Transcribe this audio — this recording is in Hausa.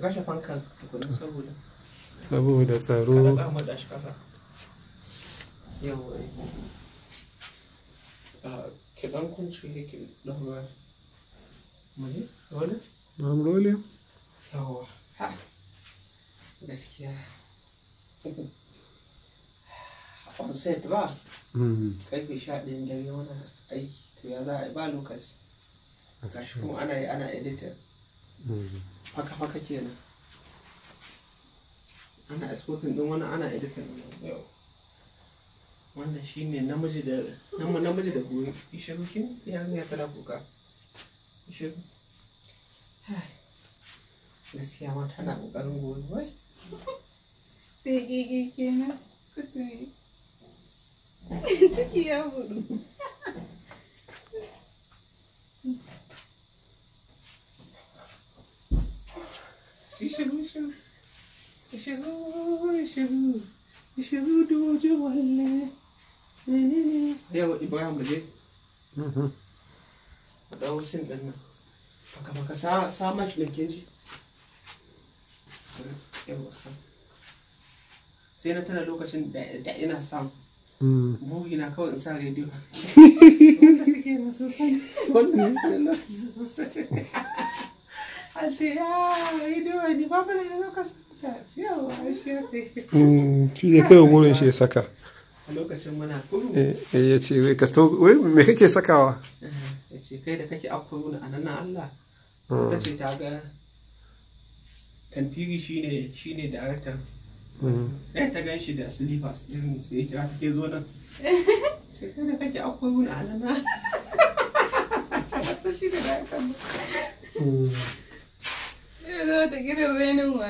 ka kashe fankan tukunin saboda saboda tsaro ka da shi ƙasa. kasa yawa ke dan kunci yake dan ruwa muje dole na dole yawa ha gaskiya onset ba hmm. karfe sha ɗin dare wani aiki to ya za a yi ba lokaci gashi kuma ana yi ana editing haka haka kenan ana exporting din wani ana editing yau wannan shine namiji da namu namiji da goyi ishirukin kin ya ne kada kuka ishiru gaskiya ma tana kokarin goyi wai sai gege kenan kuturi ciki ya budu Mhm. a sa sai na tana lokacin da ina samu mm. bugi na kawai in sa rediyo wanda suke na sosai wanda suke na sosai a ce ya ido ne babu da ya zo ka saka yawa shi ya kai shi shi ya saka a lokacin muna kuru eh, eh ya ce wai kasto wai me kake sakawa eh, ya ce kai da kake kuru na anan Allah ah. ta ce ta ga tantiri shine shine da artan mm. sai ta gan shi da slippers irin sai ya kira zo nan sai da kake akuru na anan Allah shi te quiere re en